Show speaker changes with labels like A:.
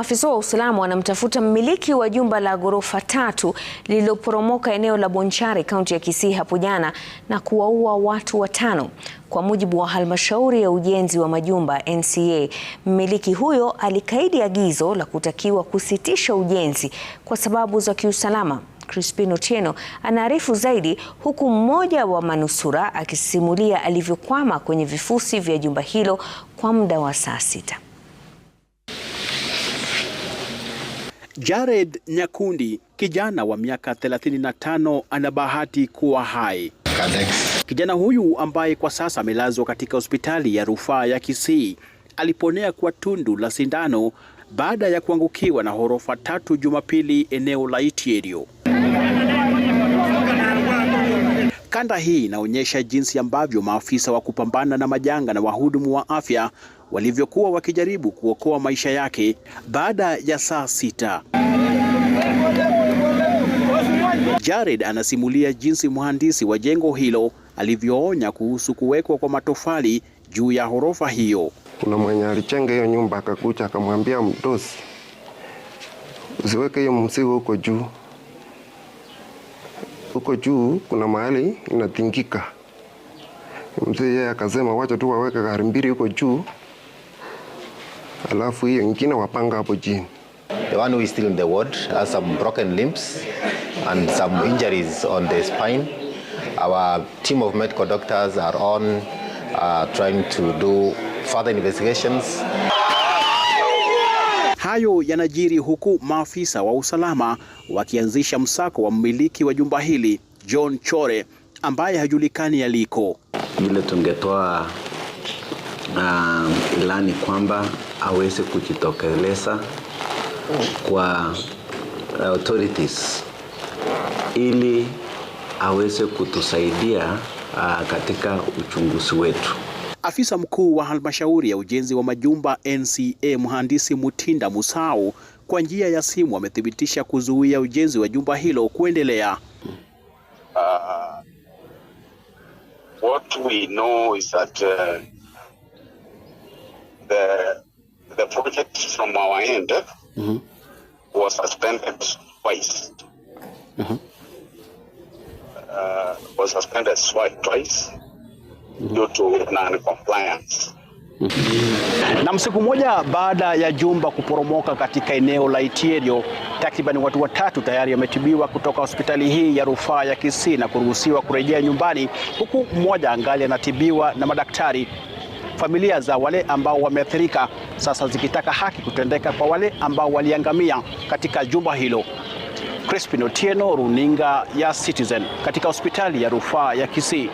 A: Maafisa wa usalama wanamtafuta mmiliki wa jumba la ghorofa tatu lililoporomoka eneo la Bonchari kaunti ya Kisii hapo jana na kuwaua watu watano. Kwa mujibu wa halmashauri ya ujenzi wa majumba NCA, mmiliki huyo alikaidi agizo la kutakiwa kusitisha ujenzi kwa sababu za kiusalama. Crispin Otieno anaarifu zaidi, huku mmoja wa manusura akisimulia alivyokwama kwenye vifusi vya jumba hilo kwa muda wa saa sita.
B: Jared Nyakundi, kijana wa miaka 35, ana bahati kuwa hai. Kijana huyu ambaye kwa sasa amelazwa katika hospitali ya rufaa ya Kisii aliponea kwa tundu la sindano baada ya kuangukiwa na ghorofa tatu Jumapili eneo la Itierio. Kanda hii inaonyesha jinsi ambavyo maafisa wa kupambana na majanga na wahudumu wa afya walivyokuwa wakijaribu kuokoa maisha yake baada ya saa sita. Jared anasimulia jinsi mhandisi wa jengo hilo alivyoonya kuhusu kuwekwa kwa matofali juu ya ghorofa hiyo.
C: Kuna mwenye alichenga hiyo nyumba akakucha akamwambia mdosi, usiweke hiyo msigo huko juu huko juu kuna mahali inatingika. Mzee yeye akasema wacha tu waweke gari mbili huko juu, alafu hiyo nyingine wapanga hapo chini.
D: The one who is still in the ward has some broken limbs and some injuries on the spine. Our team of medical doctors are on uh, trying to do further investigations.
B: Hayo yanajiri huku maafisa wa usalama wakianzisha msako wa mmiliki wa jumba hili John Chore ambaye hajulikani aliko.
E: Vile tungetoa uh, ilani kwamba aweze kujitokeleza kwa authorities ili aweze kutusaidia uh, katika uchunguzi wetu.
B: Afisa mkuu wa halmashauri ya ujenzi wa majumba NCA mhandisi Mutinda Musau kwa njia ya simu amethibitisha kuzuia ujenzi wa jumba hilo kuendelea. Uh,
F: what we know is that uh, the the project from our end mm -hmm. was suspended twice. Mm -hmm. uh, was suspended twice due to non-compliance.
B: Mm-hmm. Na msiku mmoja baada ya jumba kuporomoka katika eneo la Itierio, takriban watu watatu tayari wametibiwa kutoka hospitali hii ya rufaa ya Kisii na kuruhusiwa kurejea nyumbani, huku mmoja angali anatibiwa na madaktari. Familia za wale ambao wameathirika sasa zikitaka haki kutendeka kwa wale ambao waliangamia katika jumba hilo. Crispin Otieno, runinga ya Citizen, katika hospitali ya rufaa ya Kisii.